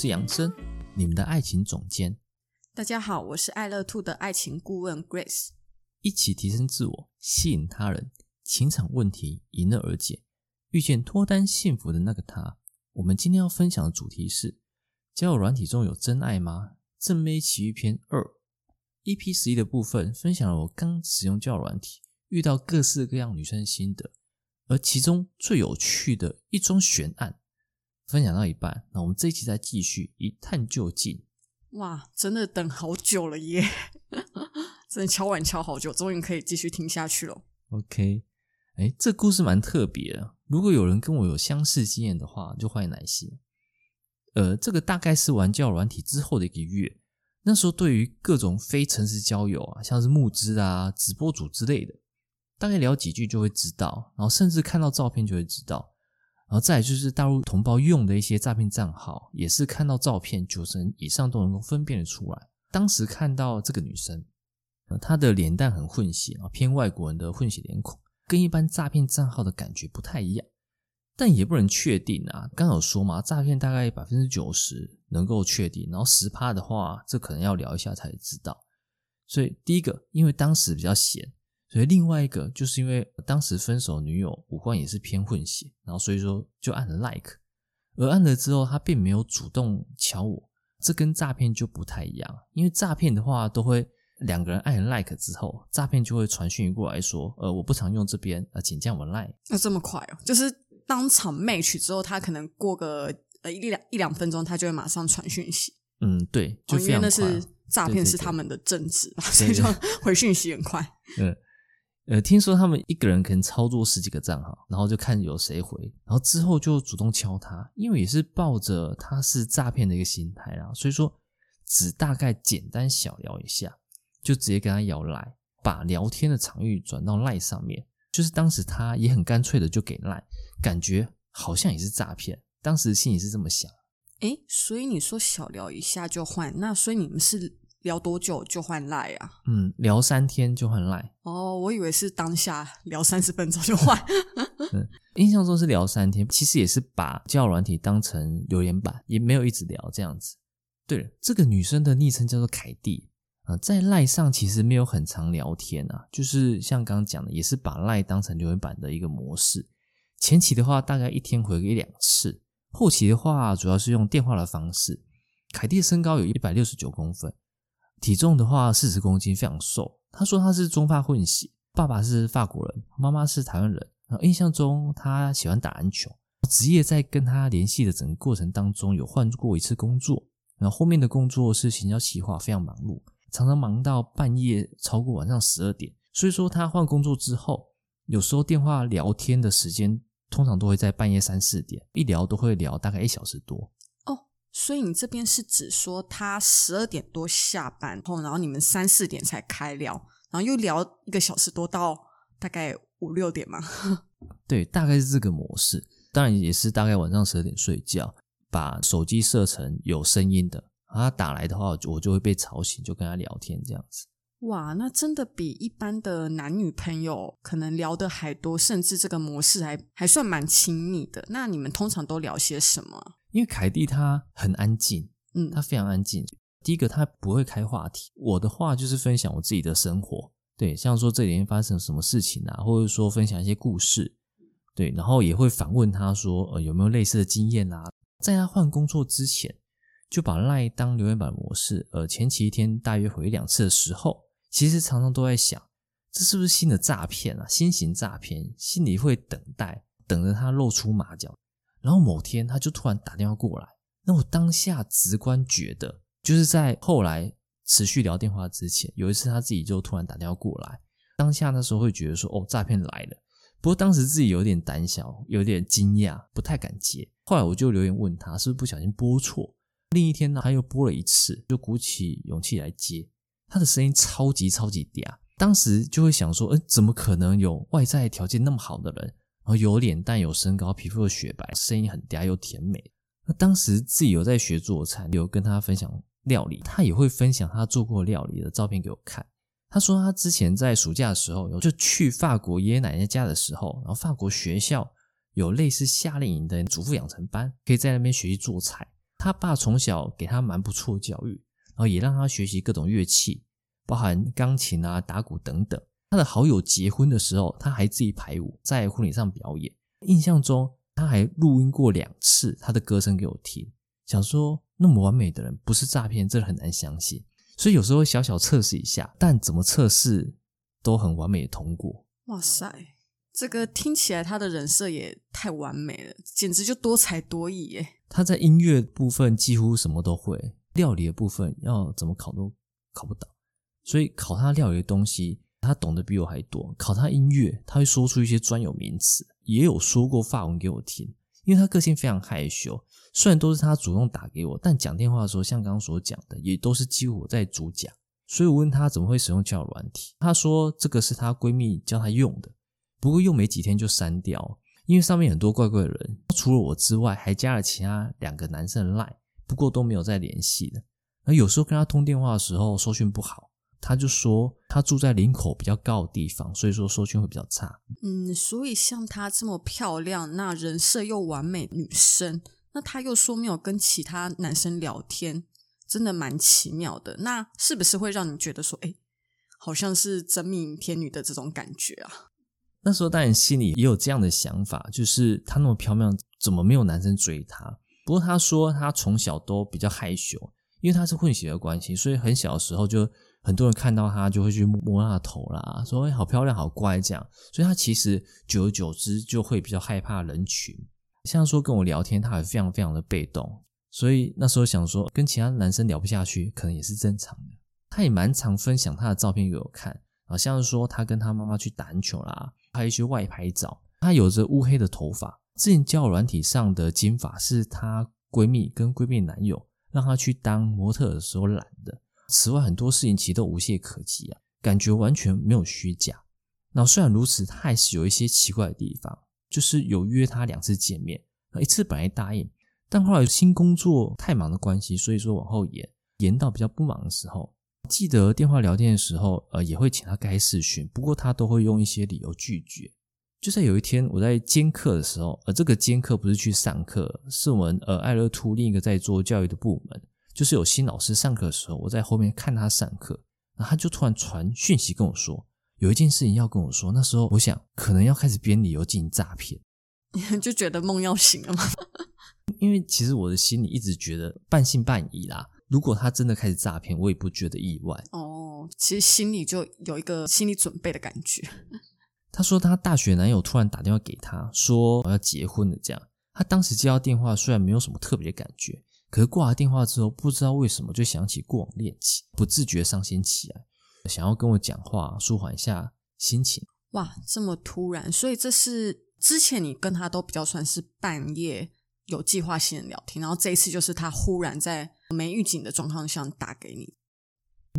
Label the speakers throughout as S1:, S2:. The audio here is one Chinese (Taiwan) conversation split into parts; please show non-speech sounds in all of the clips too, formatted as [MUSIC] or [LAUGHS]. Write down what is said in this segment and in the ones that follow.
S1: 是楊森，你們的愛情總監。
S2: 大家好，我是愛樂兔的愛情
S1: 顧問 Grace。一起提升自我，吸引他人，情場問題迎刃而解，遇見脫單幸福的那個他。我們今天要分享的主題是：交友軟體中有真愛嗎？正妹奇遇篇二。EP 十一的部分分享了我剛使用交友軟體遇到各式各樣女生心得，而其中最有趣的一樁懸案。分享到一半，那我們這一期再繼續一探究竟。
S2: 哇，真的等好久了耶！ [LAUGHS] 真的敲碗敲好久，終於可以繼續聽下去了。
S1: OK，哎，這故事蠻特別的。如果有人跟我有相似經驗的話，就歡迎來信。呃，這個大概是玩交軟體之後的一個月，那時候對於各種非誠實交友啊，像是募資啊、直播主之類的，大概聊幾句就會知道，然後甚至看到照片就會知道。然後再來就是大陸同胞用的一些詐騙賬號，也是看到照片九成以上都能夠分辨得出來。當時看到這個女生，她的臉蛋很混血，偏外國人的混血臉孔，跟一般詐騙賬號的感覺不太一樣，但也不能確定啊。剛有說嘛，詐騙大概百分之九十能夠確定，然後十趴的話，這可能要聊一下才知道。所以第一個，因為當時比較閒。所以另外一個就是因為當時分手女友五官也是偏混血，然後所以說就按了 like，而按了之後他並沒有主動敲我，這跟詐騙就不太一樣。因為詐騙的話都會兩個人按了 like 之後，詐騙就會傳訊息過來說，呃，我不常用這邊，呃，請加我 LINE。
S2: 那這麼快哦，就是當場 match 之後，他可能過個呃一兩一兩分鐘，他就會馬上傳訊息。嗯，
S1: 對，就非常快啊，哦，因為那是詐騙，是他們的正職，所以說
S2: 回訊息很快。 [LAUGHS] 嗯。
S1: 呃，聽說他們一個人可能操作十幾個賬號，然後就看有誰回，然後之後就主動敲他，因為也是抱着他是詐騙的一個心態啦，所以說只大概簡單小聊一下，就直接跟他要賴，把聊天的場域轉到賴上面，就是當時他也很乾脆的就給賴，感覺好像也是詐騙，當時心裡是這麼想。
S2: 哎、欸，所以你說小聊一下就換，那所以你們是？聊多久就換賴啊？
S1: 嗯，聊三天就換賴。
S2: 哦，oh, 我以為是當下聊三十分鐘就換、 [LAUGHS] [LAUGHS] 嗯。
S1: 印象中是聊三天，其實也是把交友軟體當成留言板，也沒有一直聊這樣子。對了，這個女生的昵稱叫做凱蒂啊、呃，在賴上其實沒有很常聊天啊，就是像剛剛講的，也是把賴當成留言板的一個模式。前期的話，大概一天回個一兩次；後期的話，主要是用電話的方式。凱蒂的身高有一百六十九公分。體重的話，四十公斤，非常瘦。他說他是中法混血，爸爸是法國人，媽媽是台灣人。然後印象中，他喜歡打籃球。職業在跟他聯繫的整個過程當中，有換過一次工作。然後後面的工作是行銷企劃，非常忙碌，常常忙到半夜超過晚上十二點。所以說，他換工作之後，有時候電話聊天的時間通常都會在半夜三四點，一聊都會聊大概一小時多。
S2: 所以你這邊是指說他十二點多下班後，然後你們三四點才開聊，然後又聊一個小時多到大概五六點嘛？
S1: [LAUGHS] 對，大概是這個模式。當然也是大概晚上十二點睡覺，把手機設成有聲音的，然後他打來的話，我就會被吵醒，就跟他聊天這樣子。
S2: 哇，那真的比一般的男女朋友可能聊得還多，甚至這個模式還還算蠻親密的。那你們通常都聊些什麼？
S1: 因為凱蒂她很安靜，嗯，她非常安靜。嗯、第一個，她不會開話題。我的話就是分享我自己的生活，對，像說這幾天發生什麼事情啊，或者說分享一些故事，對，然後也會反問他說，呃，有沒有類似的經驗啊？在他換工作之前，就把賴當留言板模式，呃，前期一天大約回兩次的時候，其實常常都在想，這是不是新的詐騙啊？新型詐騙，心裡會等待，等着他露出馬腳。然後某天，他就突然打電話過來。那我當下直觀覺得，就是在後來持續聊電話之前，有一次他自己就突然打電話過來。當下那時候會覺得說，哦，詐騙來了。不過當時自己有點膽小，有點驚訝，不太敢接。後來我就留言問他，是不是不小心撥錯？另一天呢，他又撥了一次，就鼓起勇氣來接。他的聲音超級超級嗲，當時就會想說，哎，怎麼可能有外在條件那麼好的人？然後有臉蛋，有身高，皮膚又雪白，聲音很嗲又甜美。那當時自己有在學做菜，有跟他分享料理，他也會分享他做過料理的照片給我看。他說他之前在暑假的時候，有就去法國爺爺奶奶家的時候，然後法國學校有類似夏令營的主婦養成班，可以在那邊學習做菜。他爸從小給他蠻不錯的教育，然後也讓他學習各種樂器，包含鋼琴啊、打鼓等等。他的好友結婚的時候，他還自己排舞，在婚禮上表演。印象中，他還錄音過兩次他的歌聲給我聽。想說那麼完美的人不是詐騙，真的很難相信。所以有時候小小測試一下，但怎麼測試都很完美的通過。
S2: 哇塞，這個聽起來他的人設也太完美了，簡直就多才多藝耶！
S1: 他在音樂部分幾乎什麼都會，料理的部分要怎麼考都考不到，所以考他料理的東西。他懂得比我還多，考他音樂，他會說出一些專有名詞，也有說過法文給我聽。因為他個性非常害羞，雖然都是他主動打給我，但講電話的時候，像剛剛所講的，也都是幾乎我在主講。所以我問他怎麼會使用交友軟體，他說這個是他閨蜜教他用的，不過用沒幾天就刪掉了，因為上面很多怪怪的人，除了我之外，還加了其他兩個男生的 LINE，不過都沒有再聯繫了。而有時候跟他通電話的時候，收訊不好。他就說，他住在林口比較高的地方，所以說收訊會比較差。
S2: 嗯，所以像她這麼漂亮，那人設又完美，女生，那她又說沒有跟其他男生聊天，真的蠻奇妙的。那是不是會讓你覺得說，哎，好像是真命天女的這種感覺啊？
S1: 那時候當然心裡也有這樣的想法，就是她那麼漂亮，怎麼沒有男生追她？不過她說她從小都比較害羞，因為她是混血的關係，所以很小的時候就。很多人看到他就會去摸，摸他的頭啦，說、欸、好漂亮，好乖這樣，所以他其實久而久之就會比較害怕人群。像說跟我聊天，他也非常非常的被動，所以那時候想說跟其他男生聊不下去，可能也是正常的。他也蠻常分享他的照片給我看，好像是說他跟他媽媽去打籃球啦，拍一些外拍照。他有着烏黑的頭髮，之前教軟體上的金髮是他閨蜜跟閨蜜男友讓他去當模特的時候染的。此外，很多事情其實都無懈可擊啊，感覺完全沒有虛假。那雖然如此，他還是有一些奇怪的地方，就是有約他兩次見面，一次本來答應，但後來新工作太忙的關係，所以說往後延，延到比較不忙的時候。記得電話聊天的時候，呃，也會請他開視訊，不過他都會用一些理由拒絕。就在有一天，我在兼課的時候，而、呃、這個兼課不是去上課，是我們呃愛樂 Two 另一個在做教育的部門。就是有新老師上課的時候，我在後面看他上課，然後他就突然傳訊息跟我說，有一件事情要跟我說。那時候我想，可能要開始編理由進行詐騙，
S2: 就覺得夢要醒了嗎？
S1: [LAUGHS] 因為其實我的心裡一直覺得半信半疑啦。如果他真的開始詐騙，我也不覺得意外。
S2: 哦，其實心裡就有一個心理準備的感覺。
S1: [LAUGHS] 他說他大學男友突然打電話給他，說我要結婚了這樣。他當時接到電話，雖然沒有什麼特別的感覺。可是掛了電話之後，不知道為什麼就想起過往戀情，不自覺傷心起來，想要跟我講話舒緩一下心情。
S2: 哇，這麼突然！所以這是之前你跟他都比較算是半夜有計劃性的聊天，然後這一次就是他忽然在沒預警的狀況下打給你。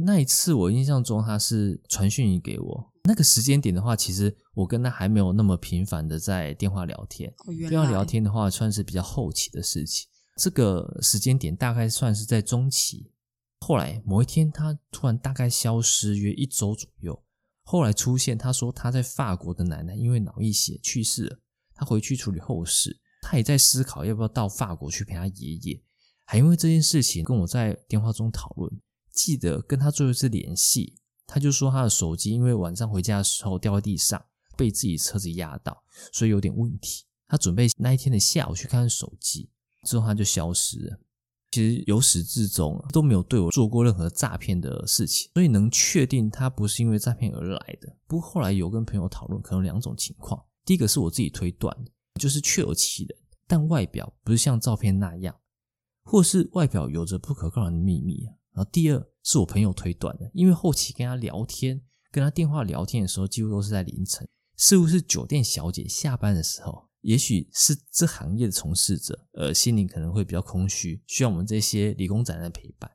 S1: 那一次我印象中他是傳訊息給我。那個時間點的話，其實我跟他還沒有那麼頻繁的在電話聊天，哦，電話聊天的話算是比較後期的事情。這個時間點大概算是在中期。後來某一天，他突然大概消失約一周左右。後來出現，他說他在法國的奶奶因為腦溢血去世了，他回去處理後事。他也在思考要不要到法國去陪他爺爺。還因為這件事情，跟我在電話中討論，記得跟他最後一次聯繫。他就說他的手機因為晚上回家的時候掉在地上，被自己車子壓到，所以有點問題。他準備那一天的下午去看看手機。之後他就消失了。其實由始至終啊，都沒有對我做過任何詐騙的事情，所以能確定他不是因為詐騙而來的。不過後來有跟朋友討論，可能有兩種情況：第一個是我自己推斷的，就是確有其人，但外表不是像照片那樣，或是外表有着不可告人的秘密啊。然後第二是我朋友推斷的，因為後期跟他聊天、跟他電話聊天的時候，幾乎都是在凌晨，似乎是酒店小姐下班的時候。也許是這行業的從事者，呃，心靈可能會比較空虛，需要我們這些理工仔來陪伴。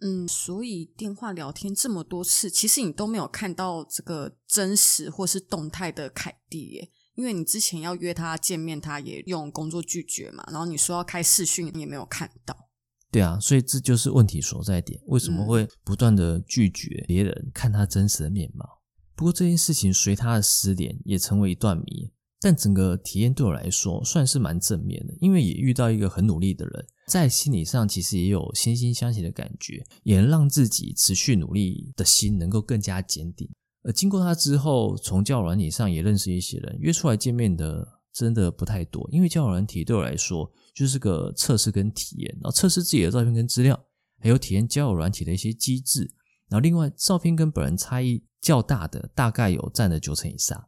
S2: 嗯，所以電話聊天這麼多次，其實你都沒有看到這個真實或是動態的凱蒂耶，因為你之前要約他見面，他也用工作拒絕嘛，然後你說要開視訊，你也沒有看到。
S1: 對啊，所以這就是問題所在點，為什麼會不斷地拒絕別人看他真實的面貌？嗯。不過這件事情隨他的失聯，也成為一段謎。但整個體驗對我來說算是蠻正面的，因為也遇到一個很努力的人，在心理上其實也有惺惺相惜的感覺，也能讓自己持續努力的心能夠更加堅定。而經過他之後，從交友軟體上也認識一些人，約出來見面的真的不太多，因為交友軟體對我來說就是個測試跟體驗，然後測試自己的照片跟資料，還有體驗交友軟體的一些機制。然後另外照片跟本人差異較大的，大概有佔了九成以上。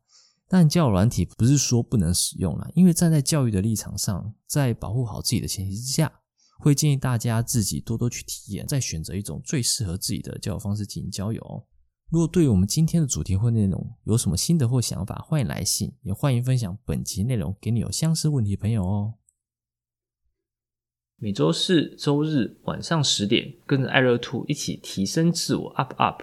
S1: 但交友軟體不是說不能使用了，因為站在教育的立場上，在保護好自己的前提之下，會建議大家自己多多去體驗，再選擇一種最適合自己的交友方式進行交友哦。如果對於我們今天的主題或內容有什麼心得或想法，歡迎來信，也歡迎分享本集內容給你有相似問題的朋友哦。每週四週日晚上十點，跟着愛樂 Two 一起提升自我，up up。